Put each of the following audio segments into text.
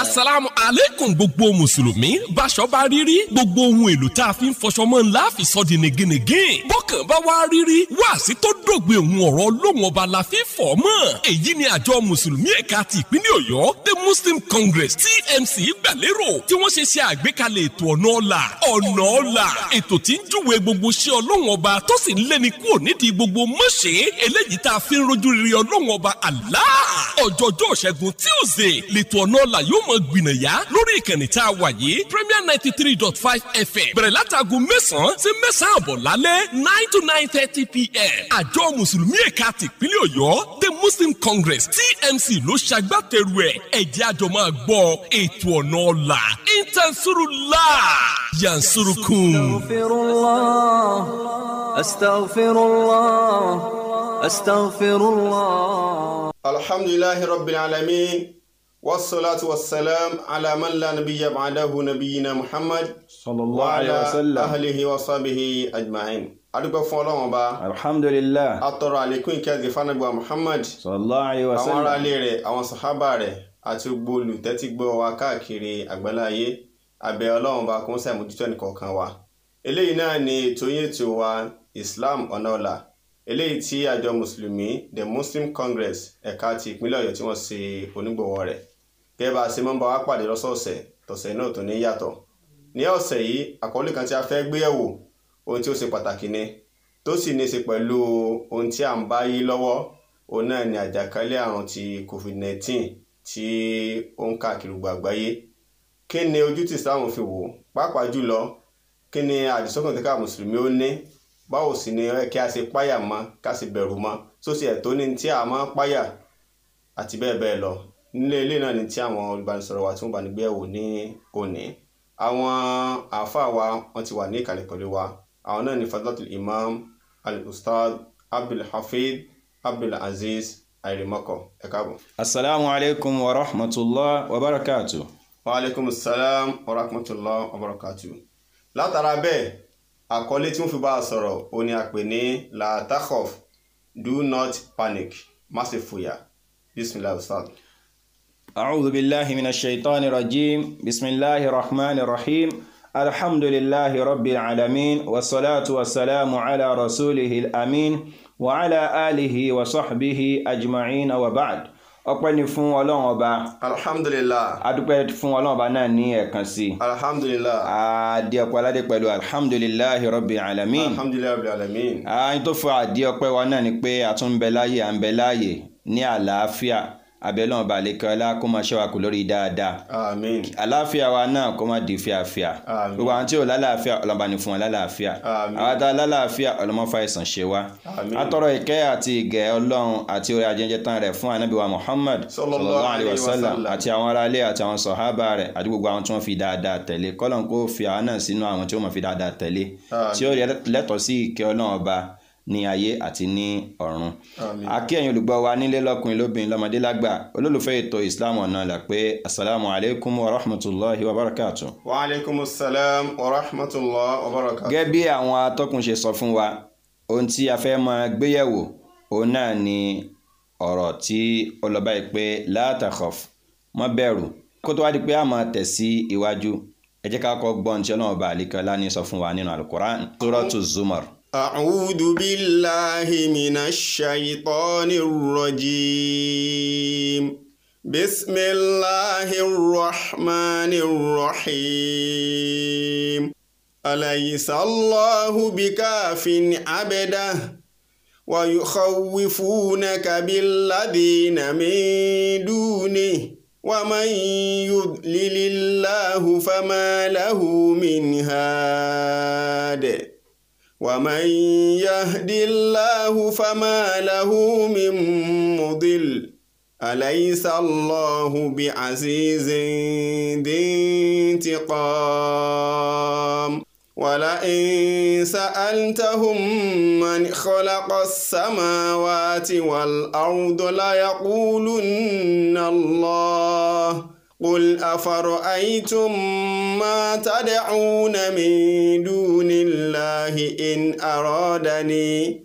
asalaamu aleykum gbogbo mùsùlùmí báṣọ bá rírí gbogbo ohun èlò tá a fi ń fọṣọ mọ́ ńlá fi sọ di negenege bọ́kàn bá wá rírí wá sí tó dògbé ohun ọ̀rọ̀ ọlọ́run ọba la fi fọ̀ mọ́ èyí ni àjọ mùsùlùmí ẹ̀ka ti ìpínlẹ̀ ọ̀yọ́ the muslim congress tmc gbàlérò tí wọ́n ṣe ṣe àgbékalẹ̀ ètò ọ̀nà ọ̀la ọ̀nà ọ̀la ètò tí ń júwe gbogbo ṣẹ́ ọlọ́run ọba tó sì ń lẹ́ni kúrò nídìí gbogbo mọ́ṣẹ́ eléyìí tá a fi Allah ọjọ́jọ́ ṣẹ́gun tíuzé lẹ́tọ̀ ọ̀nà ọ̀la yóò mọ̀ gbìnàyà lórí ìkànnì tá a wà yìí Premier ninety three dot five FM bẹ̀rẹ̀ látago mẹ́sàn-án sí mẹ́sàn-án àbọ̀ lálẹ́ nine to nine thirty pm àjọ mùsùlùmí ẹ̀ka tìpínlẹ̀ Ọ̀yọ́ the Muslim Congress TMC ló ṣàgbátẹrù ẹ̀ ẹ̀jẹ̀ àjọ máa gbọ́ ètò ọ̀nà ọ̀la intansurullah yansurukun. astaghfirullah astaghfirullah astaghfirullah. alhamdulillahi rabbil alamin. والصلاة والسلام على من لا نبي بعده نبينا محمد صلى الله عليه وسلم أهله وصحبه أجمعين adúgbò fún ọlọ́run ọba. alhamdulilah. atọrọ àlékún ìkẹ́gẹ́ fanagba muhammad. sallallahu alayhi wa sallam. àwọn aráalé rẹ̀ àwọn sàhábà rẹ̀ àti gbogbo olùtẹ́tígbọ́ wa káàkiri àgbáláyé abẹ́ ọlọ́run ọba kún sàmójútó ẹnìkọ̀ọ̀kan wa. eléyìí náà ni ètò yín wa islam ọ̀nà eléyìí tí àjọ mùsùlùmí the muslim congress ẹ̀ka ti ìpínlẹ̀ ọ̀yọ́ tí wọ́n ṣe onígbọ̀wọ́ rẹ̀ gẹ́gẹ́ bá a bá wa pàdé lọ́sọ̀ọ̀sẹ̀ tọ̀sẹ̀ náà tó ní yàtọ̀ ní ọ̀sẹ̀ yìí àkọlé kan tí a fẹ́ gbé yẹ̀wò ohun tí ó ṣe pàtàkì ni tó sì ní í ṣe pẹ̀lú ohun tí à ń bá yí lọ́wọ́ òun náà ni àjàkálẹ̀ àrùn ti covid-19 tí ó ń káàkiri gbogbo àgbáyé kí ni ojú tí Islam fi wò pàápàá jùlọ kí ni àdìsọ́kàn tí ká mùsùlùmí ó ní báwo sì ni kí a ṣe páyà mọ́ ká sì bẹ̀rù mọ́ sósì ẹ̀ tó ní tí a máa páyà àti bẹ́ẹ̀ bẹ́ẹ̀ lọ nílé ilé náà ni tí àwọn olùbánisọ̀rọ̀ wa tí wọ́n bá ní gbéyàwó ní òní àwọn àáfàá wa wọ́n ti wà ní ìkàlẹ̀ pẹ̀lú wa àwọn náà ni fadlatul imam al-ustad abdulhafid abdulaziz àìrèmọ́kọ ẹ káàbọ̀. asalaamualeykum wa rahmatulah wa barakatu. wa aleykum salaam wa rahmatulah wa barakatu. látara bẹ́ẹ̀ àkọlé tí wọ́n fi bá a sọ̀rọ̀ ó ní a ní la do not panic má ṣe fòyà bisimilayi ustad. أعوذ بالله من الشيطان الرجيم بسم الله الرحمن الرحيم الحمد لله رب العالمين والصلاة والسلام على رسوله الأمين وعلى آله وصحبه أجمعين وبعد ọpẹ́ ni fún ọlọ́run ọba. alhamdulilah. adúpẹ́ fún ọlọ́run ọba náà ní ẹ̀kan sí. alhamdulilah. àdí ọpẹ́ aládé pẹ̀lú alhamdulilah rabbil alamin. alhamdulilah rabbil alamin. àyìn tó fọ àdí ọpẹ́ wa náà ni pé a tún ń bẹ láàyè à ń bẹ láàyè ní àlàáfíà abẹ́lọ́n ọba àlekọ́lá kó máa ṣọ́ wa kù lórí dáadáa àmín àláfíà wa náà kó máa di fíàfíà àmín gbogbo àwọn tí ò lálàáfíà ọlọ́mọba ní fún wọn lálàáfíà àmín àwọn tá a lálàáfíà ọlọ́mọfà ìsàn ṣe wa àmín atọ́rọ̀ ìkẹ́ àti ìgẹ̀ ọlọ́run àti orí ajẹ́jẹ́ tán rẹ̀ fún anábìwa muhammad sallallahu alayhi wa sallam àti àwọn aráalé àti àwọn sọ̀hábà rẹ̀ àti gbogbo àwọn tí wọ́n fi dáadáa tẹ̀lé kọ́lọ́n kó fi àwọn náà sínú àwọn tí wọ́n fi dáadáa tẹ̀lé tí ó lẹ́tọ̀ọ́ ní ayé àti ní ọ̀run. a kí ẹ̀yin olùgbọ́ wa nílé lọ́kùnrin lóbìnrin lọ́mọdé lágbà olólùfẹ́ ètò Islam ọ̀nà là pé asalaamu alaykum wa rahmatulahi wa barakatu. wa aleykum salaam wa rahmatulahi wa barakatu. gẹ́gẹ́ bí àwọn atọ́kùn ṣe sọ fún wa ohun tí a fẹ́ máa gbéyẹ̀wò òun náà ni ọ̀rọ̀ tí ó lọ báyìí pé la takhaf bẹ̀rù kó tó wá di pé a máa tẹ̀ sí iwájú ẹ ká kọ́ gbọ́n tí ọlọ́run أعوذ بالله من الشيطان الرجيم بسم الله الرحمن الرحيم أليس الله بكاف عبده ويخوفونك بالذين من دونه ومن يضلل الله فما له من هاد ومن يهد الله فما له من مضل أليس الله بعزيز ذي انتقام ولئن سألتهم من خلق السماوات والأرض ليقولن الله قل أفرأيتم ما تدعون من دون الله إن أرادني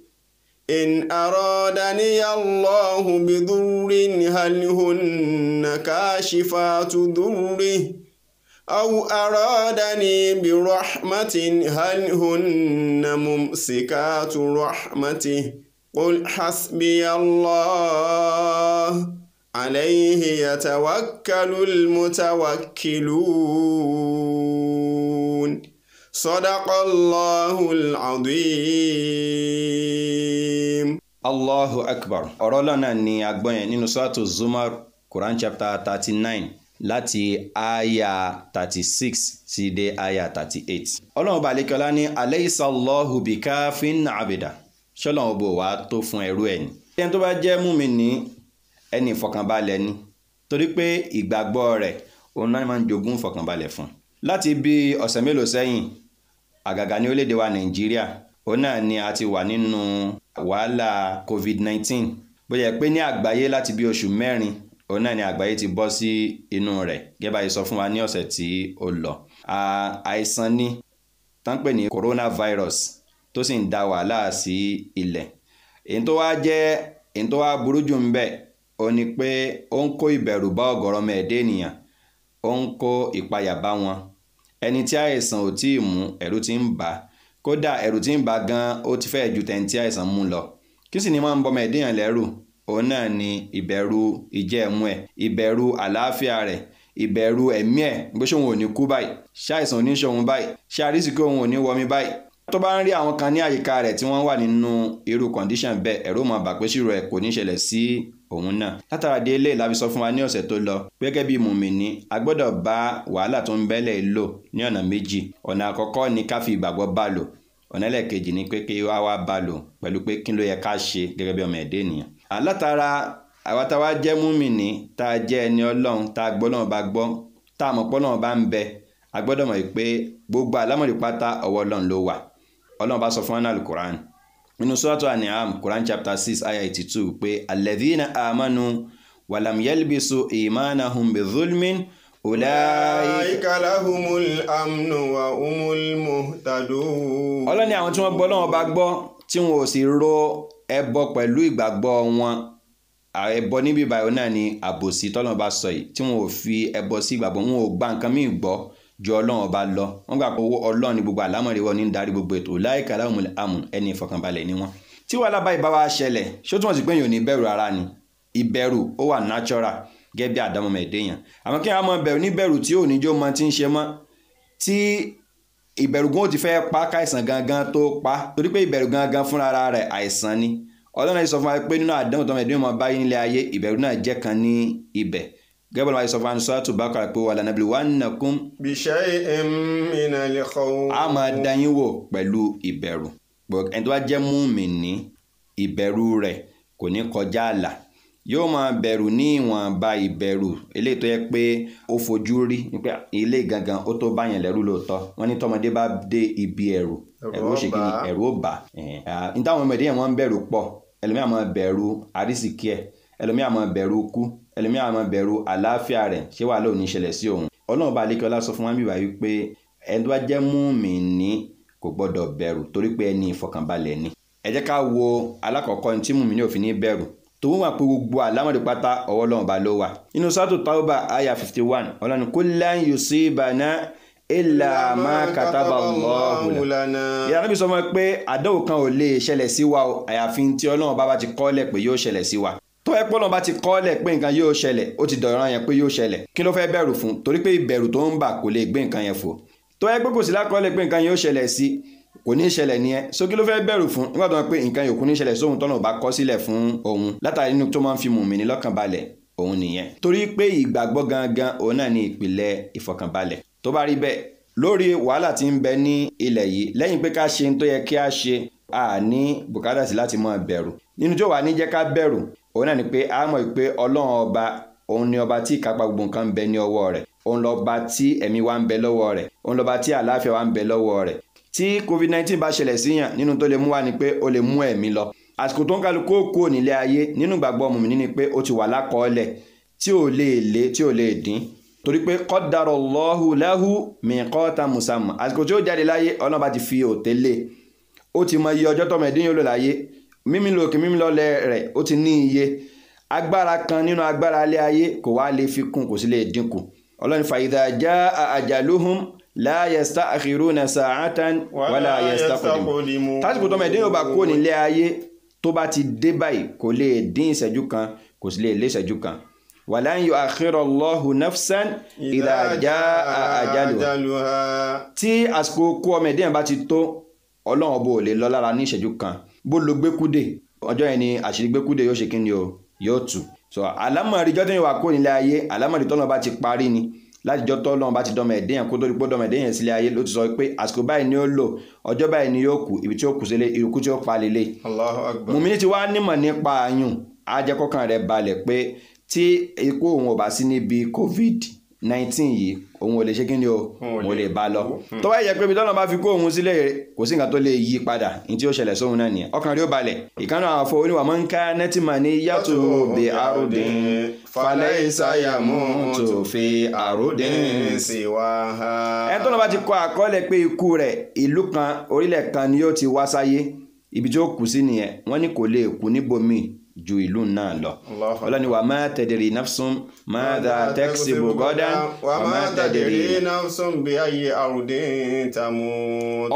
إن أرادني الله بضر هل هن كاشفات ضره أو أرادني برحمة هل هن ممسكات رحمته قل حسبي الله عليه يتوكل المتوكلون صدق الله العظيم Allahu akbar ọ̀rọ̀ lọ́nà ni agbọ́n yẹn nínú sọ́ọ̀tù Zumar Quran chapter thirty nine láti aya thirty six ti dé aya thirty eight. ọlọ́run balẹ̀kọ́lá ní aleyhisallahu bika fin abida ṣọlọ́run bò wá tó fún ẹrú ẹ̀ ni. ẹni tó bá jẹ́ múmi ní ẹni ìfọ̀kànbalẹ̀ ni torí pé ìgbàgbọ́ rẹ̀ òun náà máa ń jogún ìfọ̀kànbalẹ̀ fún. láti bí ọ̀sẹ̀ mélòó sẹ́yìn àgàgà ní orílẹ̀-èdè wa nàìjíríà òun náà ni a ti wà nínú wàhálà covid-19 bóyá pé ní àgbáyé láti bí oṣù mẹ́rin òun náà ni àgbáyé ti bọ́ sí inú rẹ̀ gẹ́gẹ́ bá a sọ fún wa ní ọ̀sẹ̀ tí ó lọ. àìsàn ni tán ní coronavirus tó sì ń da wàhálà sí ilẹ̀ èyí tó wá jẹ́ èyí tó wá burú jù ń bẹ ó ní pé ó ń kó ìbẹ̀rù bá ọ̀gọ̀rọ̀ ọmọ ẹ̀dá ènìyàn ó ń kó ìpayà bá wọn ẹni tí àìsàn ò tí ì mú ẹ̀rù ti ń bà á kódà ẹ̀rù ti ń bà á gan ó ti fẹ́ẹ̀ ju tẹ̀yìn tí àìsàn mú lọ kí sì ni máa ń bọ́ ọmọ ẹ̀dá ènìyàn lẹ́rù òun náà ni ìbẹ̀rù ìjẹ́ẹ̀mú ẹ̀ ìbẹ̀rù àlàáfíà rẹ̀ ìbẹ̀rù ẹ̀mí ẹ̀ pé ṣé òun ò ní kú báyìí ṣe òun ò ní tó bá ń rí àwọn kan ní àyíká rẹ̀ tí wọ́n wà nínú irú kọ̀ǹdíṣàn bẹ́ẹ̀ ẹ̀rù máa bà pé kò ní ṣẹlẹ̀ sí òun náà látara di eléyìí la fi sọ fún wa ní ọ̀sẹ̀ tó lọ gẹ́gẹ́ bí mùmìnì a gbọ́dọ̀ bá wàhálà tó ń bẹ́lẹ̀ lò ní ọ̀nà méjì ọ̀nà àkọ́kọ́ ni ká fi ìgbàgbọ́ bá lò ọ̀nà ẹlẹ́ẹ̀kejì ni pé kí wá wá bá lò pẹ̀lú pé kí ló yẹ ká ṣe gẹ́gẹ́ bí ọmọ ẹ̀dẹ́ ènìyàn látara àwa táwa jẹ́ múmìnì tá a jẹ́ ẹni ọlọ́run tá a gbọ́ nínú sọ́tọ̀ àníhàm Quran chapter six ayah eighty two pé alladhina amanu walam yalbisu imanahum bidhulmin ulaika lahumul amnu wa umul muhtadun. ọlọ́ni àwọn tí wọ́n gbọ́ lọ́wọ́ bá gbọ́ tí wọn ò sì ro ẹbọ pẹ̀lú ìgbàgbọ́ wọn ẹbọ níbí báyìí náà ni àbòsí tọ́lọ́ba sọ yìí tí wọn fi ẹbọ sí ìgbàgbọ́ wọn ò gba nǹkan míì gbọ́ ju ọlọ́run ọba lọ wọ́n gbà pé owó ni gbogbo àlámọ̀rí wọn ní darí gbogbo ètò láìka láwùmọ̀lẹ̀ àmù ẹni ìfọkànbalẹ̀ ni wọ́n. tí wàhálà báyìí bá wa ṣẹlẹ̀ ṣó túmọ̀ sí pé èèyàn ò ní bẹ̀rù ara ni ìbẹ̀rù ó wà natural gẹ́gẹ́ bí àdámọ̀mọ̀ ẹ̀dẹ́yàn àmọ́ kí wọ́n máa bẹ̀rù níbẹ̀rù tí ò ní jó mọ tí ń ṣe mọ́ tí ìbẹ̀rù gan ti fẹ́ pa káìsàn gangan tó pa torí pé ni ọlọ́run ẹ̀ sọ fún wa pé nínú àdánwò tọmọ ẹ̀dẹ́yàn máa báyé nílé gẹ́gẹ́ bá sọ fún anusọ́ àti bákàrà pé wà lánàbìlì wà nàkún. bìṣẹ́ ìmìnà lè kọ́ ọ́. a máa dá yín wò pẹ̀lú ìbẹ̀rù ẹni tó bá jẹ́ mùmínì ìbẹ̀rù rẹ̀ kò ní kọjá àlà yóò máa bẹ̀rù ní ìwọ̀nba ìbẹ̀rù eléyìí tó yẹ pé ó fojú rí nípa ilé gangan ó tó báyàn lẹ́rù lóòótọ́ wọ́n ní tọmọdé bá dé ibi ẹ̀rù ẹ̀rù ó ṣe kí ẹ̀rù ó bà ní táwọn ọmọdé yẹn wọ́n ń bẹ̀rù pọ̀ ẹlòmíràn máa bẹ̀rù àrísìkí ẹ̀ ẹlòmíràn máa bẹ̀rù kú ẹlòmí àwọn máa bẹ̀rù àlàáfíà rẹ̀ ṣé wàá lóun ní ṣẹlẹ̀ sí òun ọlọ́run bá alékeọlá sọ fún wa bíbá wípé ẹni tó bá jẹ́ mùmíní kò gbọ́dọ̀ bẹ̀rù torí pé ẹni ìfọkànbalẹ̀ ni ẹ jẹ́ ká wo alákọ̀ọ́kọ́ ní tí mùmíní òfin ní bẹ̀rù tòun wà pé gbogbo àlámọ̀dé pátá ọwọ́ ọlọ́run bá ló wà nínú sátò tàwùbà àyà fifty one ọlọ́run kullan yusibana illa ma kataba Allahu lana. ìyá arábì sọ fún wa pé àdánwò kan ò lè ṣẹlẹ̀ sí wa àyàfi tí ọlọ́run bá bá ti kọ́lẹ̀ pé yóò ṣẹlẹ̀ sí wa ẹ pọ́nà bá ti kọ́lẹ̀ pé nǹkan yóò ṣẹlẹ̀ ó ti dọ̀ràn yẹn pé yóò ṣẹlẹ̀ kí ló fẹ́ bẹ̀rù fún torí pé ìbẹ̀rù tó ń bà kò lè gbé nǹkan yẹn fò tó ẹ pé kò sí lákọ́lẹ̀ pé nǹkan yóò ṣẹlẹ̀ sí kò ní ṣẹlẹ̀ ni ẹ so kí ló fẹ́ bẹ̀rù fún nígbà tó ń pé nǹkan yòókù ní ṣẹlẹ̀ sóhun tọ́nà ò bá kọ́ sílẹ̀ fún òun látàrí inú tó máa ń fi mùmínì lọ́kàn balẹ̀ òun nìyẹn torí pé ìgbàgbọ́ gangan òun náà ni ìpìlẹ̀ ìfọkànbalẹ̀ tó bá rí bẹ́ẹ̀ lórí wàhálà tí ń bẹ ní ilẹ̀ yìí lẹ́yìn pé ká ṣe ń tó yẹ kí a ṣe a ní bùkátà sí láti máa bẹ̀rù nínú tí ó wà ní jẹ́ ká bẹ̀rù òun náà ni pé a mọ̀ pé ọlọ́run ọba òun ni ọba tí ìkápá gbogbo nǹkan ń bẹ ní ọwọ́ rẹ̀ òun lọ́ba tí ẹ̀mí wa ń bẹ lọ́wọ́ rẹ̀ òun lọ́ba tí àlàáfíà wa ń bẹ lọ́wọ́ rẹ̀ tí covid nineteen bá ṣẹlẹ̀ síyàn nínú tó lè mú wa ni pé ó lè mú ẹ̀mí lọ àsìkò tó ń kálukú kúrò nílé ayé nínú ìgbàgbọ́ mùmínì ni pé ó ti wà lákọọ́lẹ̀ tí ò lè lé tí ò lè dín torí pé qaddarallahu lahu miqata musamma àsìkò tí ó jáde láyé ọlọ́ba ti fi òtẹ́lẹ̀ ó ti mọ iye ọjọ́ tọ́mọ ẹ̀dín yóò lò láyé mímí lòkè mímí lọ́lẹ̀ rẹ̀ ó ti ní iye agbára kan nínú agbára alẹ́ ayé kò wá lè fi kún kò sì lè dínkù ọlọ́run fàyídà já àjàlóhùn láyẹ̀sá àkìrúnà sàátán wàlá àyẹ̀sá kọ̀dìmù tásìkò tọ́mọ ẹ̀dín yóò bá kó nílé ayé tó bá ti dé báyìí kò lè dín ìṣẹ́jú kan kò sì lè lé ìṣẹ́jú kan wàlá ń yọ àkírọ̀ lọ́hù nafsan ìlà àjá tí àsìkò kú ọmọ ẹ̀dín bá ti tó ọlọ́run ọba ò lè lọ lára ní ìṣẹ́jú kan bó lo gbẹ́kúdè ọjọ́ yẹn ni àṣírí gbẹ́kúdè yóò ṣe kí ni o yóò tù so àlámọ̀rí jọ́tún ìwà kó nílé ayé àlámọ̀rí tọ́lọ́ bá ti parí ni látijọ́ tọ́lọ́ bá ti dọ́mọ ẹ̀dẹ́ yẹn kó tó dípò dọ́mọ ẹ̀dẹ́ yẹn sílé ayé ló ti sọ pé àsìkò báyìí ni ó lò ọjọ́ báyìí ni yóò kù ibi tí ó kù sílé irukú tí ó pa lélẹ̀. Allahu Akbar. mùmíní ti wá nímọ̀ nípa àyùn á jẹ́ kọ́kàn rẹ̀ balẹ̀ pé tí ikú òun ò bá sí níbi covid nineteen yìí òun ò lè ṣe kí ni o mo lè bá lọ hmm. tó bá yẹ pé ibi tọ́nà bá fi kó òun sílẹ̀ kò sí nǹkan tó lè yí padà ní tí ó ṣẹlẹ̀ sóhun náà nìyẹn ọkàn rí ó balẹ̀ ìkànnì àwọn afọ oníwà máa ń ká nẹ́tìmọ̀ ní yàtò bè àròdìn falẹ̀ ìsáyàmú tó fi àròdìn sí wa. ẹni tọ́nà bá ti kọ àkọọ́lẹ̀ pé ikú rẹ̀ ìlú kan orílẹ̀ kan ni yóò ti wá sáyé ibi tí ó kù sí nìyẹn wọ́n ní kò lè kú níbòmíì ju ilu náà lọ ọlọ́ni wa máa tẹ̀dẹ̀rì nafsun máa dà tẹ́kisì bùgọ́dá wa máa tẹ̀dẹ̀rì nafsun bí ayé àrùdé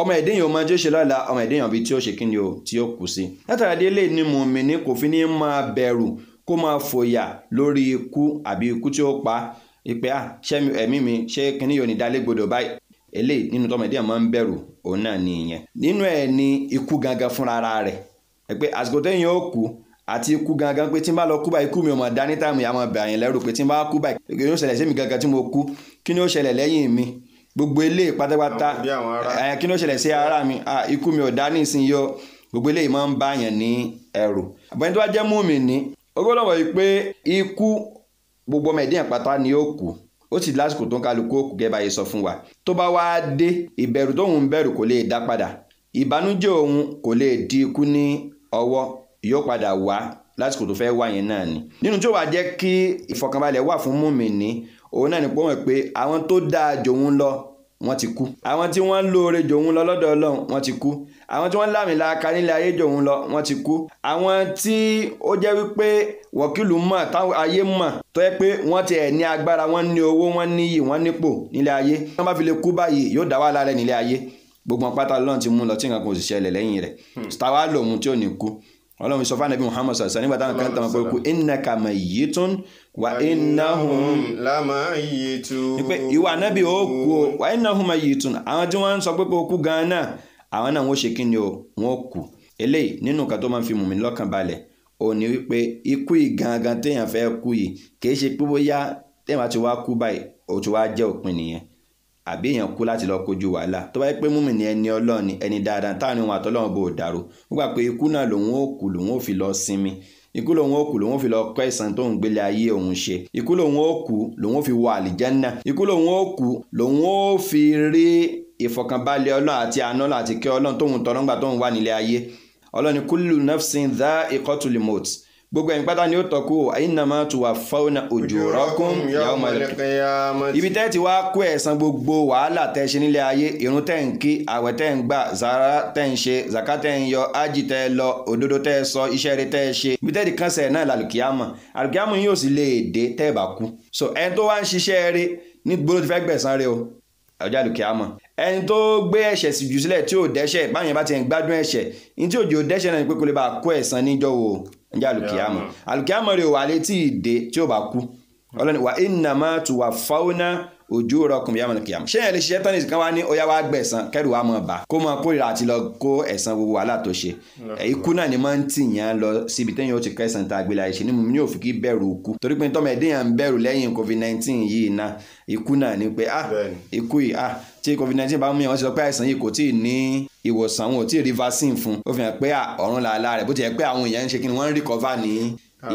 ọmọ ẹ̀dẹ́yìn o máa jẹ́ ṣe lọ́la ọmọ ẹ̀dẹ́yìn bí tí ó ṣe kíni o tí ó kù sí. látara délé ni mùmíní kò fi ní máa bẹ̀rù kó máa fòyà lórí ikú àbí ikú tí ó pa ìpè à ah, ṣé ẹ̀mí mi ṣé kíní yóò ní gbọdọ̀ báyìí eléyìí nínú ni ikú gangan fúnra àti ikú gangan pé tí n bá lọ kú báyìí ikú mi ò mọ̀ dání táàmù yà mọ̀ bẹ̀ àyìn lẹ́rù pé tí n bá kú báyìí kí ni ó ṣẹlẹ̀ sí mi gangan tí mo kú kí ni ó ṣẹlẹ̀ lẹ́yìn mi gbogbo eléyìí pátápátá kí ni ó ṣẹlẹ̀ sí ara mi ikú mi ò dání ìsinyìí o gbogbo eléyìí máa ń bá àyàn ní ẹ̀rù. àbẹ̀yìn tó wá jẹ́ mú mi ní ó gbọ́dọ̀ wọ̀ pé ikú gbogbo ọmọ ẹ̀dínyàn pátá ni ó kú ó sì lásìkò tó ń kálukú òkú gẹ́gẹ́ wa tó bá wá dé ìbẹ̀rù tóun ń bẹ̀rù òun kò lè di ikú ní ọwọ́ yóò padà wá lásìkò tó fẹ́ wá yẹn náà ni. nínú tí ó wàá jẹ́ kí ìfọ̀kànbalẹ̀ wà fún mùmíní òun náà ni pé wọ́n pé àwọn tó dáa jòun lọ wọ́n ti kú. àwọn tí wọ́n ń lóore jòun lọ lọ́dọ̀ ọlọ́run wọ́n ti kú. àwọn tí wọ́n ń lámìlaka nílé ayé jòun lọ wọ́n ti kú. àwọn tí ó jẹ́ wípé wọ̀kìlù mọ̀ táwọn ayé mọ̀ tó yẹ pé wọ́n ti ẹ̀ ní agbára wọ́n ní owó wọ́n níyì wọ́n nípò nílé ayé. wọ́n bá fi lè kú báyìí yóò dá wà lálẹ́ nílé ayé gbogbo pátá lọ́n ti mú lọ tí nǹkan kan sì ṣẹlẹ̀ lẹ́yìn rẹ̀ hmm ọlọ́run sọ fún anabi muhammad sàṣà nígbà táwọn kan tàwọn pé innaka mayyitun wa innahum lamayyitun. pé ìwà anabi ó kú o wa innahum mayyitun àwọn tí wọ́n ń sọ pé kó kú gan náà àwọn náà wọ́n ṣe kí ni o wọ́n kú eléyìí nínú nǹkan tó máa ń fi mùmí lọ́kàn balẹ̀ ò ní wípé ikú yìí gangan téèyàn fẹ́ kú yìí kì í ṣe pé bóyá téèyàn ti wá kú báyìí ó ti wá jẹ́ òpin nìyẹn àbí èèyàn kú láti lọ kojú wàhálà tó bá yẹ pé múmi ni ẹni ọlọ́run ni ẹni dáadáa táàrin òun àtọ́lọ́run bò dàrú ó gbà pé ikú náà lòun ó kú lòun ó fi lọ sinmi ikú lòun ó kú lòun ó fi lọ kọ́ ẹ̀san tó ń gbélé ayé òun ṣe ikú lòun ó kú lòun ó fi wọ àlìjẹ́nà ikú lòun ó kú lòun ó fi rí ìfọ̀kànbalẹ̀ ọlọ́run àti àná àti kẹ́ ọlọ́run tóun tọ́nọ́gbà tóun wà nílé ayé ọlọ́run kullu nafsin dha'iqatul maut gbogbo ẹ̀yin pátá ni ó tọ́kù innama tuwaffawna ujurakum yawmal qiyamah. ibi tẹ́ ti wá kó ẹ̀san gbogbo wàhálà tẹ́ ṣe nílé ayé irun tẹ́ ń kí àwẹ̀ tẹ́ ń gbà zara tẹ́ ń ṣe zaka tẹ́ ń yọ ájì tẹ́ lọ òdodo tẹ́ sọ iṣẹ́ rẹ tẹ́ ṣe ibi tẹ́ ti kàn sẹ̀ náà làlùkìyàmọ̀ àlùkìyàmọ̀ yóò sì lè dé tẹ́ bá kú. so ẹni tó wá ń ṣiṣẹ́ rẹ ní gbóló ti fẹ́ gbẹ̀san rẹ o ọjà àlùkìyàmọ̀ ẹni tó gbé ẹ̀ṣẹ̀ sì jù sílẹ̀ tí ò dẹ́ṣẹ̀ báyìí bá ti ń gbádùn ẹ̀ṣẹ̀ ní tí òjò dẹ́ṣẹ̀ náà ni pé kò lè bá kó ẹ̀san níjọ́ wo níjà alùkìyàmọ̀ alùkìyàmọ̀ rẹ̀ wà létí ìdè tí ó bá kú ọlọ́ni wà iná máa tù wà fáwọnà ojú rọkùn yàmọ̀ alùkìyàmọ̀ ṣé yẹn lè ṣiṣẹ́ tán nìkan wá ní ó yá wá gbẹ̀san kẹ́rù wá mọ̀ bá kó mọ kórìíra àti lọ kó ẹ̀san gbogbo wàhálà tó ṣe ikú náà ni máa ń tì yàn lọ síbi téèyàn ó ti kẹsàn tá a gbé láyé ṣe ní mímú yóò fi kí bẹ̀rù ikú torí pé tọ́mọ ẹ̀dẹ́yàn bẹ̀rù lẹ́yìn covid nineteen yìí náà ikú náà ni pé ah ikú yìí ah tí covid-19 bá mú yàn wọ́n ti sọ pé àìsàn yìí kò tí ní ìwòsàn wọn ò tí rí vaccine fún ó fi hàn pé ọ̀run làálàá rẹ̀ bó ti yẹ pé àwọn èèyàn ń ṣe kí ni wọ́n ń recover ní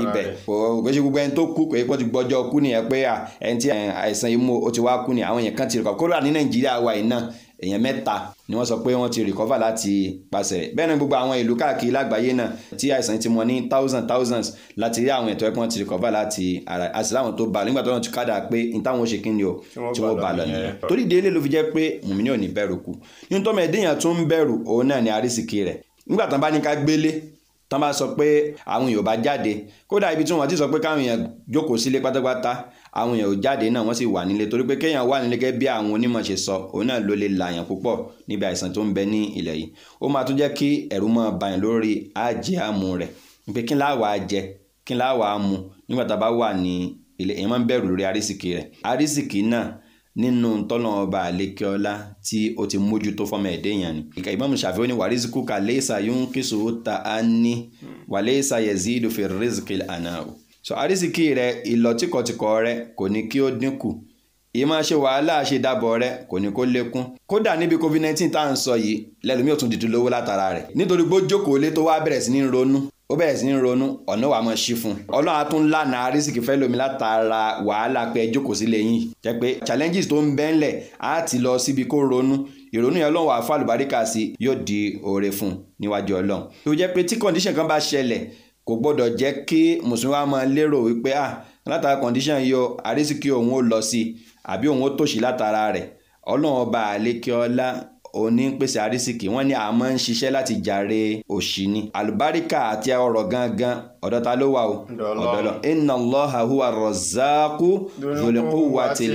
ibẹ̀ ògbésí gbogbo ẹni tó kú pé kó ti gbọ́jọ́ kú nìyẹn pé ẹni tí àìsàn yìí mú ó ti wá kú ni àwọn èèyàn kan ti recover kó lóra ní nàìjíríà wa yìí náà èèyàn mẹ́ta ni wọ́n sọ pé wọ́n ti recover láti pàṣẹ rẹ̀ bẹ́ẹ̀ ni gbogbo àwọn ìlú káàkiri lágbàáyé náà tí àìsàn ti mọ ní thousand thousands láti rí àwọn ètò ẹ̀pọ̀n ti recover láti ara àti láwọn tó bá a nígbà tó náà ti kádà pé n táwọn ṣe kíni o tí wọ́n bá a lọ nìyẹn torí délé ló fi jẹ́ pé mùmí ní ò ní bẹ̀rù kú ní tó mọ̀ ẹ̀dẹ́yàn tó ń bẹ̀rù òun náà ni àrísìkí rẹ̀ nígbà tán bá ní ká gbélé tán bá sọ pé àwọn Yorùbá jáde kódà ibi tí wọ́n ti sọ pé káwọn èèyàn jókòó sílé pátápátá àwọn èèyàn ò jáde náà wọ́n sì wà nílé torí pé kéèyàn wà nílé gẹ́gẹ́ bí àwọn onímọ̀ ṣe sọ òun náà ló lè làyàn púpọ̀ níbi àìsàn tó ń bẹ ní ilẹ̀ yìí ó máa tún jẹ́ kí ẹ̀rù máa bàyàn lórí àjẹ àmú rẹ̀ pé kí láwa jẹ kí láwa mu nígbà tá a bá wà ní ilé èèyàn máa ń bẹ̀rù lórí àrísìkì rẹ̀ àrísìkì náà nínú tọ́lọ́n ọba àlékè tí ó ti mójútó fọmọ ẹ̀dẹ́ yẹn ni. ìka Imam Shafi'i ní wàrísìkù kà laysa yunqisu ta á ní wà laysa yazidu fi rizqil àná o so àrísìkí rẹ ìlọ tìkọ̀tìkọ̀ rẹ kò ní kí ó dínkù èyí máa ṣe wàhálà ṣe dábọ̀ rẹ kò ní kó lékún kódà níbi covid nineteen tá à ń sọ yìí lẹ́nu mi ò tún dìdú lówó látara rẹ̀ nítorí pé ó jókòó lé tó wá bẹ̀rẹ̀ sí ní ronú ó bẹ̀rẹ̀ sí ní ronú ọ̀nà wàá mọ̀ sí fún un ọlọ́run á tún lànà àrísìkí fẹ́ lómi látara wàhálà pé jókòó sílẹ̀ yìí jẹ́ pé challenges tó ń bẹ́ńlẹ̀ á ti lọ síbi kó ronú ìrònú yẹn ọlọ́run àfàlùbáríkà sí yóò di oore fún níwájú ọlọ́run tó jẹ́ pé tí condition kan bá ṣẹlẹ̀ kò gbọ́dọ̀ jẹ́ kí mùsùlùmí wa máa lérò wípé à látara condition yìí o àrísìkí òun ó lọ sí i àbí òun ó tòṣì látara rẹ̀ ọlọ́run ọba àlékeọlá òní ń pèsè àrísìkí wọ́n ní àmọ́ ń ṣiṣẹ́ láti jàre òṣì ni àlùbáríkà àti ọrọ̀ gangan ọ̀dọ̀ ta ló wà o ọ̀dọ̀ lọ inna Allaha huwa ar-razzaqu dhul quwwatil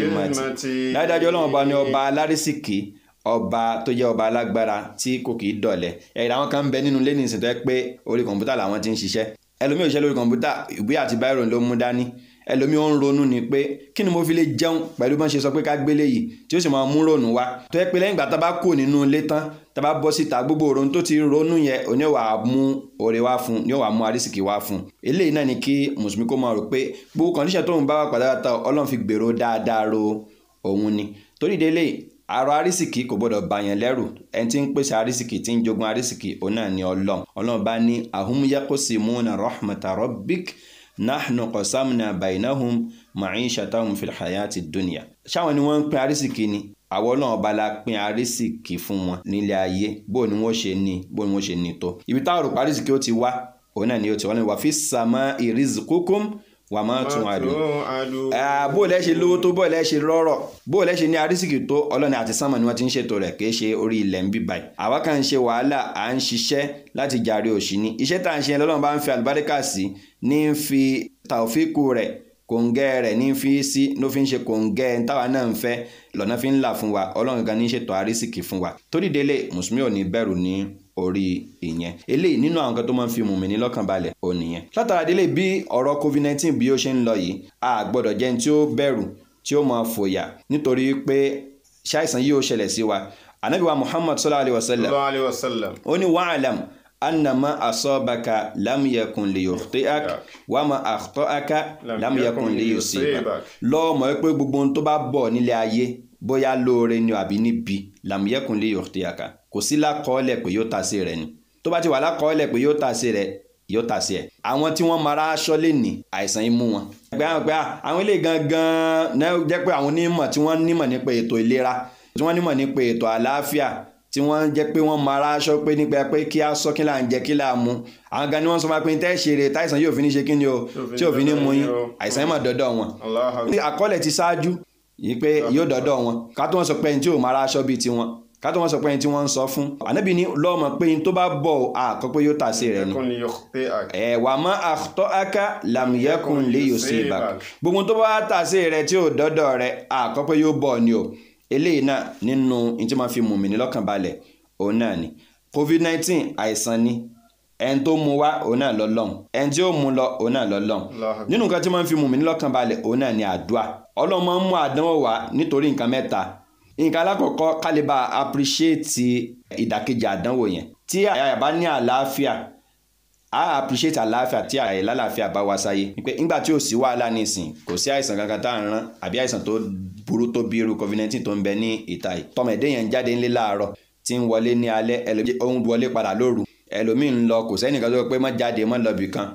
dájúdájú ọlọ́run ọba ni ọba alárísìkí ọba tó jẹ́ ọba alágbára tí kò kì í dọ̀lẹ́ ẹ̀rọ àwọn kan ń bẹ nínú ilé nìsín tó yẹ pé orí kọ̀ǹpútà làwọn ti ń ṣiṣẹ́ ẹlòmíì ò ṣiṣẹ́ lórí kọ̀ǹpútà ìwé àti báírò ló mú dání ẹlòmíì ó ń ronú ni pé kí ni mo fi lè jẹun pẹ̀lú bọ́n ṣe sọ pé ká gbélé yìí tí ó sì máa mú ronú wá tó yẹ pé lẹ́yìn ìgbà tá bá kù nínú ilé tán tá bá bọ́ síta gbogbo òrònú tó ti ronú yẹn òní ò wà mú oore wá fún ní ò wà mú arísìkì wá fún eléyìí náà ni kí mùsùlùmí kó máa rò pé gbogbo kọ̀ǹdíṣà tóun bá wà pàdánù ọlọ́run fi gbèrò dáadáa ro òun ni torí délé àrò arísìkì kò gbọdọ̀ bàyàn lẹ́rù ẹni tí ń pèsè arísìkì tí ń jogun arísìkì òun náà ni ọlọ́run ọlọ́run bá ní ahum yaqsimuna rahmata rabbik nahnu qasamna bainahum ma'ishatahum fil hayati dunya. ṣáwọn ni wọ́n ń pín arísìkì ni àwọn ọlọ́run bá la pín arísìkì fún wọn nílé ayé bó ni wọ́n ṣe ní bó ni wọ́n ṣe ní tó. ibi táwọn rò pa arísìkì ó ti wá òun náà ni ó ti wọ́n ní wà fi sama irizqukum wà máa tún àdó bó lẹ́ ṣe lówó tó bó lẹ́ ṣe rọ́rọ̀ bó lẹ́ ṣe ní arísìkì tó ọlọ́ni àti sánmọ̀ ni wọ́n ti ń ṣètò rẹ̀ kìí ṣe orí ilẹ̀ ń bí báyìí àwa kàn ń ṣe wàhálà à ń ṣiṣẹ́ láti jàre òṣì ni iṣẹ́ tá à ń ṣe lọ́lọ́run bá ń fi àlùbáríkà sí ní ń fi tàòfíkù rẹ̀ kòǹgẹ́ rẹ̀ ní fi sí ló fi ń ṣe kòǹgẹ́ táwa náà ń fẹ́ lọ́nà fi ń là fún wa ọlọ́run gan ní ṣètò arísìkì fún wa torí délé mùsùlùmí ò ní bẹ̀rù ní orí ìyẹn eléyìí nínú àwọn nǹkan tó máa ń fi mùmìnì lọ́kàn balẹ̀ ò nìyẹn látara délé bí ọ̀rọ̀ covid-19 bí ó ṣe ń lọ yìí a gbọ́dọ̀ jẹ́ ní tí ó bẹ̀rù tí ó máa fòyà nítorí pé ṣàìsàn yìí ó ṣẹlẹ̀ sí wa anabi wa muhammad sallallahu alayhi wa sallam ó ní wa'lam annama asọ́baka lámìyẹkùn lè yòókùté ak wà ma àtọ́ aka lámìyẹkùn lè yòósì lọ́ọ̀mọ́ pé gbogbo ohun tó bá bọ̀ nílé ayé bóyá lóore ni àbí níbi lámìyẹkùn lè yòókùté aka kò sí lákọọ́lẹ̀ pé yóò tàsé rẹ̀ ni tó bá ti wà lákọọ́lẹ̀ pé yóò tàsé rẹ̀ yóò tàsé ẹ̀ àwọn tí wọ́n mara aṣọ lè ní àìsàn imú wọn. pé àwọn pé àwọn ilé gangan náà jẹ́ pé àwọn onímọ̀ tí wọ́n nímọ̀ nípa ètò ìlera tí wọ́n nímọ̀ nípa ètò àlàáfíà tí wọ́n jẹ́ pé wọ́n mara aṣọ pé nípa pé kí a sọ kí là ń jẹ kí là ń mu àwọn gan ni wọ́n sọ fún wa pé tẹ́ ṣe rè táìsàn yóò fi ní ṣe kí ni o tí yóò fi ní mu yín àìsàn yìí mọ̀ dọ́dọ̀ wọn. àkọọ́lẹ̀ ti ṣáájú yìí pé yóò dọ́dọ̀ wọn ká tó wọn sọ pé ẹni tí ò mara aṣọ bíi tiwọn kátó wọn sọ pé ẹni tí wọ́n ń sọ fún ànábì ní lọ́ọ̀mọ̀ pé ẹni tó bá bọ̀ ọ́ àkọ́ pé yóò tà sí rẹ̀ ni ẹ̀ wà má àtọ́ aká làmúyẹ́kùn lè yóò sí ibà gbogbo tó bá tà sí rẹ̀ tí ò dọ́dọ̀ rẹ̀ àkọ́ pé yóò bọ̀ ni o eléyìí náà nínú ìtí máa fi mùmí ní lọ́kàn balẹ̀ òun náà ni covid nineteen àìsàn ni ẹni tó mu wá òun náà lọ́lọ́run ẹni tí ó mu lọ òun náà lọ́lọ́run nínú nǹkan tí máa ń fi mùmí ní lọ́kàn balẹ̀ òun náà ni àdúrà ọlọ́run mú àdánwò wá nítorí nǹkan mẹ́ta nǹkan alákọ̀ọ́kọ́ kálíbà appreciate ìdàkejì àdánwò yẹn tí àyàbá ní àlàáfíà a appreciate àlàáfíà tí àyè lálàáfíà bá wá sáyé pé nígbà tí ò sí wàhálà nísìn kò sí àìsàn kankan tá à ń rán àbí àìsàn tó burú tó bí irú covid-19 tó ń bẹ ní ìta yìí tọmọdé yẹn ń jáde ńlé láàárọ̀ tí ń wọlé ní alẹ́ ẹlòmíì ń wọlé padà lóru ẹlòmíì ń lọ kò sẹ́nìkan tó pé má jáde má lọ bìkan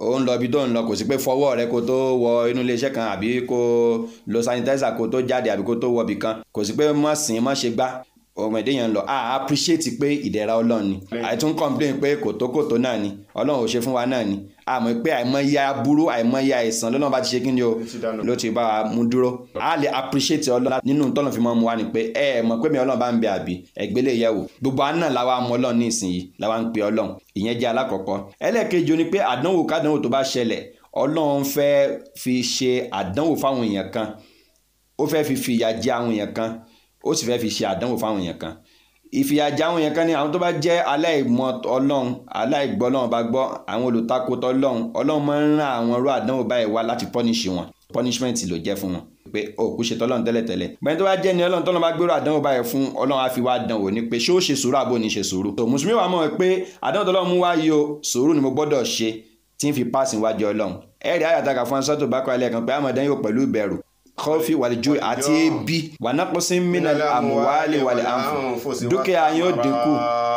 ó ń lọ ibi tó ń lọ kò sí pé fọwọ́ rẹ kó tó wọ inú iléeṣẹ́ kan àbí kó lo sanitizer kó tó jáde àbí kó tó wọbì kan kò sí pé má sìn má ṣe gbá ọmọ èdè yẹn ń lọ a appreciate pé ìdẹ̀ra ọlọ́run ni àìtún complain pé kòtókòtó náà ni ọlọ́run ò ṣe fún wa náà ni àmọ́ pé àìmọye aburú àìmọye àìsàn lọ́nà bá ti ṣe kí ni o ló ti bá wa mú dúró a lè appreciate ọlọ́run nínú tọ́nà fi mọ́ mu wa ni pé ẹ mọ̀ pé mi ọlọ́run bá ń bẹ àbí ẹgbẹ́lẹ̀ yẹ̀wò gbogbo àná làwa mọ ọlọ́run ní ìsinyìí làwa ń pe ọlọ́run ìyẹn jẹ́ alákọ̀ọ́kọ́ ẹlẹ́ẹ̀kejì ni pé àdánwò kádánwò tó bá ṣẹlẹ̀ ọlọ́run fẹ́ fi ṣe àdánwò fáwọn èèyàn kan ó fẹ́ fi fìyà jẹ àwọn èèyàn kan ó sì fẹ́ẹ́ fi ṣe àdánwò fáwọn èèyàn kan ìfìyàjẹ àwọn èèyàn kan ni àwọn tó bá jẹ́ aláìmọ ọlọ́run aláìgbọ́ ọlọ́run bá gbọ́ àwọn olùtakò tọlọ́run ọlọ́run máa ń rán àwọn irú àdánwò báyìí wá láti pọ́nìṣì wọn punishment ló jẹ́ fún wọn pé òkú ṣe tọ́lọ́run tẹ́lẹ̀tẹ́lẹ̀ bẹ́ẹ̀ tó bá jẹ́ ni ọlọ́run tọ́lọ́run bá gbèrò àdánwò báyìí fún ọlọ́run á fi wá dán wò ni pé ṣé ó ṣe sùúrù àbò ní ṣe sùúrù. ni mo gbọ́dọ̀ ṣe tí ń fi páàsì wájú ọlọ́run ẹ̀rí àyàtàkà fún asọ́tò bákan alẹ́ kan pé àmọ̀dán yóò pẹ̀lú kọ́fí wàlíjú àti ebi wànákọ́sí mina àmúwálé wàlí àǹfọ̀ dúkìá yín ó dínkù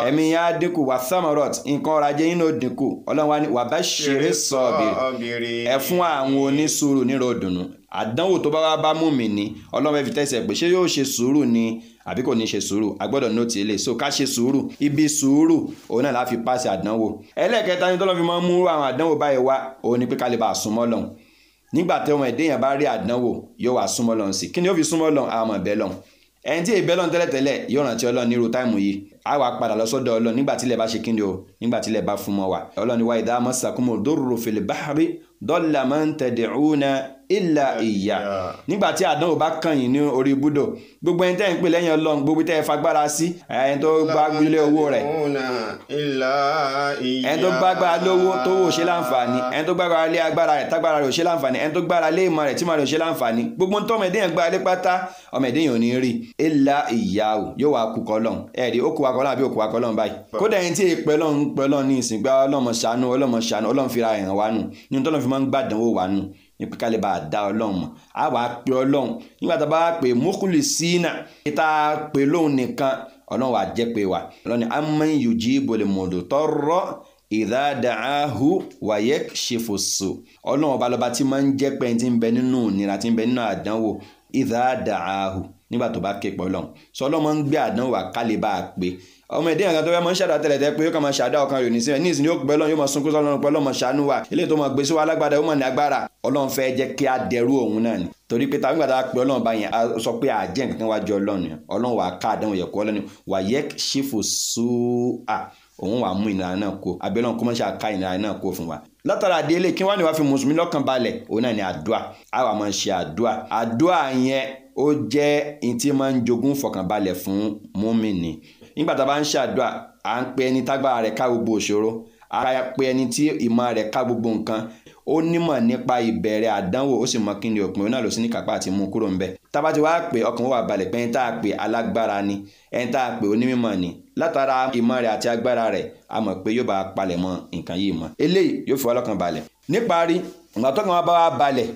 ẹ̀mí yín deku, dínkù wà samarot nǹkan ọrọ̀ ajé yín ó dínkù ọlọ́wà ni wà bá ṣeré sọ̀bìrì ẹ̀ fún àwọn onísùúrù nírò dùnú àdánwò tó bá wá bá mú mi ní ọlọ́run ẹ̀ fi tẹ̀sẹ̀ pé ṣé yóò ṣe sùúrù ni àbí kò ní ṣe sùúrù agbọ́dọ̀ nóòtì ilé so ká ṣe suru, ibi suru, òun náà láfi pàṣẹ àdánwò ẹlẹ́ẹ̀kẹta ni tọ́lọ́ fi máa ń mú àwọn àdánwò báyìí wá òun ni pé ká lè bá a súnmọ́ lọ́hùn nígbà tí ọmọ ẹ̀dẹ́yàn bá rí àdánwò yóò wá súnmọ́ lọ́n sí kí ni ó fi súnmọ́ lọ́n àmọ́ bẹ́ẹ̀ lọ́n ẹni tí èbẹ́ lọ́n tẹ́lẹ̀tẹ́lẹ̀ yóò rántí ọlọ́run ní irú táìmù yìí á wàá padà lọ sọ́dọ̀ ọlọ́run nígbà tílẹ̀ bá ṣe kí ni o nígbà tílẹ̀ bá fún mọ́ wa ọlọ́run wáyé dá mọ́sàkúmọ̀ dóròrò fèlè báhárí dọ́là máa ń tẹ̀dẹ̀ òun ilà ìyà nígbà tí àdánwò bá kàn yín ní orí búdò gbogbo ẹni tẹ́ ń pè lẹ́yìn ọlọ́run gbogbo tẹ́ ẹ fagbára sí ẹni tó gbá gbélé owó rẹ̀ ẹni tó gbágbára lówó tó wò ṣe láǹfààní ẹni tó gbágbára lé agbára rẹ̀ tágbára rẹ̀ ò ṣe láǹfààní ẹni tó gbára lé ìmọ̀ rẹ̀ tí ìmọ̀ rẹ̀ ò ṣe láǹfààní gbogbo ń tọ́mọ ẹ̀dẹ́yìn gbára lé pátá ọmọ ẹ̀dẹ́yìn ò ní rí ilà ìyà o yóò wá kú kọlọ́n ẹ̀rí ó kú akọlọ́n àbí ó kú akọlọ́n báyìí kódà ẹni tí èèpẹ́ máa ń gbàdánwò wà nù ní pé ká lè bá a dá ọlọ́run mọ̀ á wàá pe ọlọ́run nígbà tá a bá pè mọ́kùlì sínà kí pè lóhun nìkan ọlọ́run wàá jẹ́ pé wà lọ́ni amman yujibu al-mudtarra idha da'ahu wa yakshifu as-su' ọlọ́run ọba lọ́ba tí máa ń jẹ́ pé ẹni tí ń bẹ nínú ìnira tí ń bẹ nínú àdánwò idha da'ahu nígbà tó bá ké pọ̀ lọ́hùn sọ ọlọ́mọ ń gbé àdán wà kálí bá a pé ọmọ ẹ̀dẹ́ ìrìnkà tó fẹ́ mọ́ ń ṣàdá tẹ̀lẹ̀ tẹ́ pé yóò kàn máa ṣàdá ọkàn rẹ̀ ní sílẹ̀ ní ìsìn yóò pẹ́ lọ́hùn yóò máa sunkún sọ́lọ́run pẹ́ lọ́mọ ṣàánú wa ilé tó mọ̀ gbé sí wa alágbádá yóò mọ̀ ní agbára ọlọ́run fẹ́ jẹ́ kí a dẹrú òun náà ni torí pé táwọn gbàdá pé ọlọ́run bá yẹn a sọ pé àjẹ́ wájú ọlọ́run ọlọ́run wà ká àdánwò yẹ̀kọ́ ọlọ́run wà yẹ́ ṣífò sóà òun wà mú ìnira náà kó abẹ́lẹ́ kọ́mọ́ṣà ká ìnira náà kó fún wa látara délé kí wọ́n ní wàá fi mùsùlùmí lọ́kàn balẹ̀ òun náà ni àdúà a wà máa ṣe àdúà àdúà yẹn ó jẹ́ ní tí máa ń jogún fọkànbalẹ̀ fún múmìnì nígbà tá a bá ń ṣe àdúà à ń pe ẹni tágbára rẹ̀ ká gbogbo òṣòro à ń pe ẹni tí ìmọ̀ rẹ̀ ká gbogbo nǹkan ó nímọ̀ nípa ìbẹ̀rẹ̀ àdánwò ó sì mọ kí ni òpin òun náà ló sì ní kápá àti mú kúrò ńbẹ̀ tá a bá ti pè ọkàn wà balẹ̀ pé ẹni tá a pè alágbára ni ẹni tá a pè onímọ̀ ni látara ìmọ̀ rẹ̀ àti agbára rẹ̀ a mọ̀ pé yóò bá a palẹ̀ mọ́ nǹkan yìí mọ́ eléyìí yóò fi wá lọ́kàn balẹ̀ níparí ìgbà tó kàn wá bá wa balẹ̀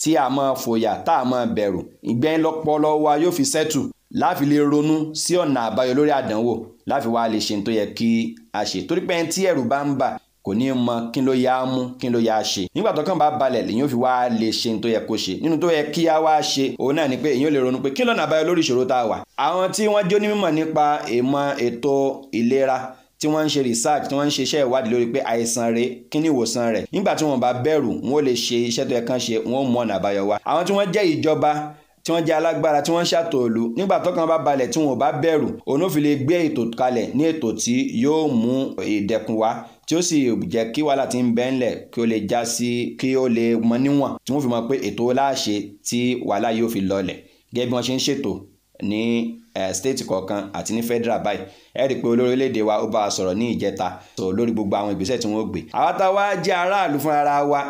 tí a mọ̀ fòyà tá a mọ̀ bẹ̀rù ìgbẹ́yìn lọ́pọlọ wa yóò fi sẹ́tù láfi lè ronú sí ọ̀nà àbáyọ lórí àdánwò láfi wá lè ṣe tó yẹ kí a ṣe torí pé ẹni tí ẹ̀rù bá ń bà kò ní mọ kí ló yá mú kí ló yá ṣe nígbà tó kàn bá balẹ̀ lèyìn ò fi wá lè ṣe ní tó yẹ kó ṣe nínú tó yẹ kí á wá ṣe òun náà ni pé èyí ò lè ronú pé kí lọ́nà àbáyọ lórí ìṣòro tá a wà. àwọn tí wọ́n jó nímọ̀ nípa ìmọ̀ ètò ìlera tí wọ́n ń ṣe research tí wọ́n ń ṣe iṣẹ́ ìwádìí lórí pé àìsàn rẹ̀ kí ni ìwòsàn rẹ̀ nígbà tí wọ́n bá bẹ̀rù wọn ò lè ṣe iṣẹ́ tó yẹ kán ṣe wọn ò mọ ọ̀nà àbáyọ wa. àwọn tí wọ́n jẹ́ ìjọba tí wọ́n jẹ́ alágbára tí wọ́n ń ṣàtòlù nígbà tọ́kàn bá balẹ̀ tí wọn ò bá bẹ̀rù òun ò fi lè gbé ètò kalẹ̀ ní ètò tí yóò mú ìdẹ̀kùn wá tí ó sì jẹ́ kí wàhálà ti ń bẹ ńlẹ̀ kí ó lè já sí kí ó lè mọ níwọ̀n tí wọ́n fi mọ pé ètò láàṣẹ tí wàhálà yóò fi lọlẹ̀ gẹ́gẹ́ bí wọ́n ṣe ń ṣètò ní state kọ̀ọ̀kan àti ní federal báyìí ẹ rí i pé olórí orílẹ̀-èdè wa ó bá a sọ̀rọ̀ ní ìjẹta sọ lórí gbogbo àwọn ìgbésẹ̀ tí wọ́n gbé. àwa tá a wá jẹ́ aráàlú fúnra wa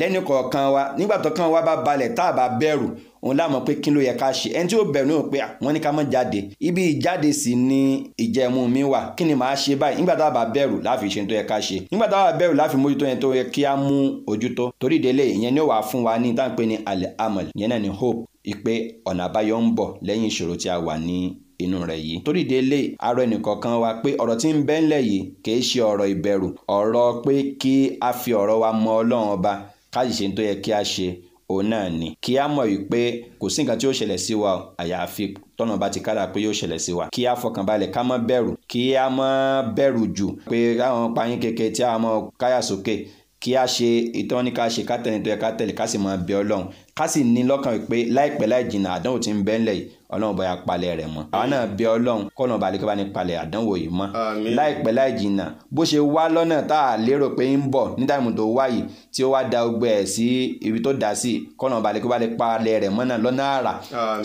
lẹ́nu kọ̀ọ̀kan wa nígbà tó kàn wá bá balẹ̀ tá a bá bẹ̀rù òun láàmú pé kí ló yẹ ká ṣe ẹni tí ó bẹ̀rù náà pé wọ́n ní ká má jáde ibi ìjáde sì ni ìjẹ̀mú mi wà kí ni màá ṣe báyìí nígbà tá a bá bẹ̀rù láfi ṣe tó yẹ ká ṣe nígbà tá bá bẹ̀rù láfi mójútó yẹn tó yẹ kí á mú ojútó torí ìdélé ìyẹn ni ó wà fún wa ní táǹpé ní alẹ́ amọ̀l ìyẹn náà ni hope ìpè ọ̀nà àbáyọ ń bọ̀ lẹ́yìn ìṣòro tí a wà ní inú rẹ̀ yìí torí délé arọ ẹnìkọ̀ọ̀kan wa pé ọ̀rọ̀ tí ń bẹ ńlẹ̀ yìí kì ṣe ọ̀rọ̀ ìbẹ̀rù ọ̀rọ̀ pé kí a fi ọ̀rọ̀ wa mọ Ọlọ́run ọba ká sì ṣe tó yẹ kí a ṣe òun náà ni kí a mọ̀ wípé kò sí nǹkan tí yóò ṣẹlẹ̀ sí wa àyàfi tọ́nà bá ti kára pé yóò ṣẹlẹ̀ sí wa kí a fọkànbalẹ̀ ká má bẹ̀rù kí a má bẹ̀rù jù pé káwọn payín kéke tí a mọ káyà sókè kí a ṣe ìtọ́ni ká ṣe ká tẹ̀lé tó yẹ ká tẹ̀lé ká sì mọ bẹ ọlọ́run ká sì ní lọ́kàn wípé láìpẹ́ láì àdánwò ti ń bẹ́ńlẹ̀ yìí ọlọ́run bóyá palẹ̀ rẹ̀ mọ́ àwa náà bẹ ọlọ́run kọ́nà balẹ̀ kí wọ́n bá ní palẹ̀ àdánwò yìí mọ́ láìpẹ́ láì jìnnà bó ṣe wá lọ́nà tá a lérò pé ń bọ̀ ní táìmù tó wá yìí tí ó wá da gbogbo ẹ̀ sí ibi tó dá sí kọ́nà balẹ̀ kí wọ́n bá ní palẹ̀ rẹ̀ mọ́ náà lọ́nà àrà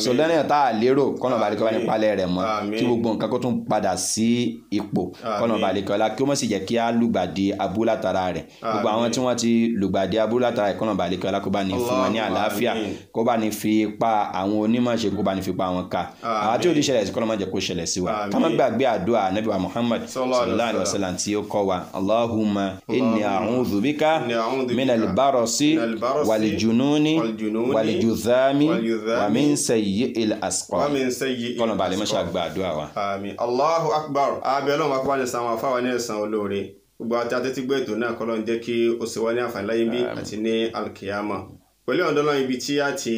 so lọ́nà tá a lérò kọ́nà balẹ̀ kí wọ́n bá ní palẹ̀ rẹ̀ mọ́ kí gbogbo nǹkan kó tún padà sí ipò kọ́nà balẹ̀ kí ọlá kí ó mọ̀ sì jẹ́ kí á lùgbàdì abúlátara rẹ̀ gbogbo àwọn tí wọ́n ti lùgbàdì abúlátara kọ́nà balẹ̀ kí ọlá kó bá ní fún wọn ní àlàáfíà kó bá àwọn àwọn ká àwọn tí ó di ṣẹlẹ̀ sí kọ́lọ́mọ́ jẹ́ kó ṣẹlẹ̀ sí wa kámá gbàgbé àdúrà anabi wa muhammad sallallahu alayhi wa sallam tí ó kọ́ wa allahumma inni a'udhu bika minal barasi wal jununi wal juzami wa min sayyi'il asqam kọ́lọ́mọ́ bàálẹ̀ mọ́ṣá gba àdúrà wa. allahu akbar abẹ́lẹ́ wọn kọ́ bá lè ní ẹ̀sán olóore gbogbo àti àtẹ́tí gbé ètò náà kọ́lọ́ ń jẹ́ kí ó sì wá ní àǹfààní láyé bí àti ní alkiyama pẹ̀lú ọ̀dọ́lọ́ ibi tí a ti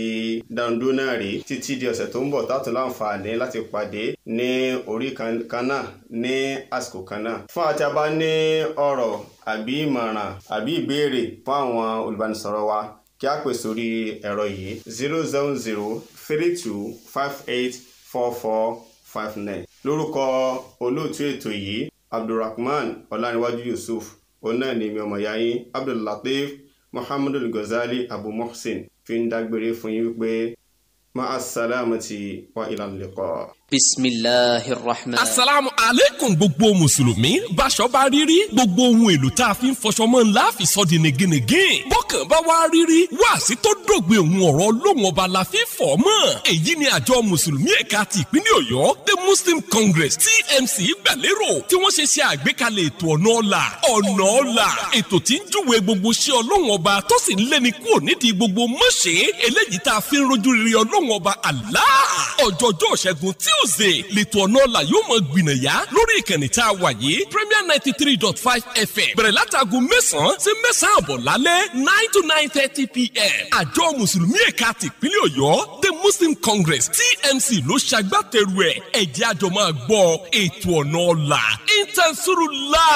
dandó náà rèé títí di ọ̀sẹ̀ tó ń bọ̀ tátún láǹfààní láti pàdé ní orí kan náà ní àsìkò kan náà. fún àti a ní ọ̀rọ̀ àbí ìmọ̀ràn àbí ìbéèrè fún àwọn olùbánisọ̀rọ̀ wa kí a pè sórí ẹ̀rọ yìí zero seven zero three two five eight four four five nine. lórúkọ olóòtú ètò yìí abdulrahman ọláníwájú yusuf òun náà ni mi ọmọ yáyín abdullateef muhammadu al-ghazali abu muhsin fi ń dágbére fún yín wípé ma'a salamati wa ilal liqa bisimilahi rahman. asalaamu aleykum gbogbo mùsùlùmí báṣọ bá rírí gbogbo ohun èlò tá a fi ń fọṣọ mọ́ ńlá fi sọ di negenege bọ́kàn bá wá rírí wáàsí tó dògbé ohun ọ̀rọ̀ lóhùn ọba la fi fọ̀ mọ́ èyí ni àjọ mùsùlùmí ẹ̀ka ti ìpínlẹ̀ ọ̀yọ́ the muslim congress tmc gbàlérò tí wọ́n ṣe ṣe àgbékalẹ̀ ètò ọ̀nà ọ̀la ọ̀nà ọ̀la ètò tí ń júwe gbogbo ṣé ọlọ́hun ọba tó sì ń lẹ́ni kúrò nídìí gbogbo mọ́ṣẹ́ eléyìí tá fi ń rojú rere ọlọ́hun ọba Allah ọ̀jọ̀jọ́ ìṣẹ́gun tí tuesday lẹ́tọ̀ ọ̀nà ọ̀la yóò mọ gbìnàyà lórí ìkànnì tá a wà yìí premier ninety three dot five fm bẹ̀rẹ̀ látago mẹ́sàn-án sí mẹ́sàn-án àbọ̀ lálẹ́ nine to nine thirty pm àjọ mùsùlùmí ẹ̀ka tìpínlẹ̀ ọ̀yọ́ the muslim congress tmc ló ṣàgbátẹrù ẹ̀ ẹ̀jẹ̀ àjọ máa gbọ́ ètò ọ̀nà ọ̀la intansurula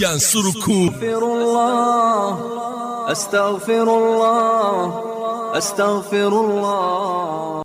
yansurukun. astaghfirullah astaghfirullah astaghfirullah.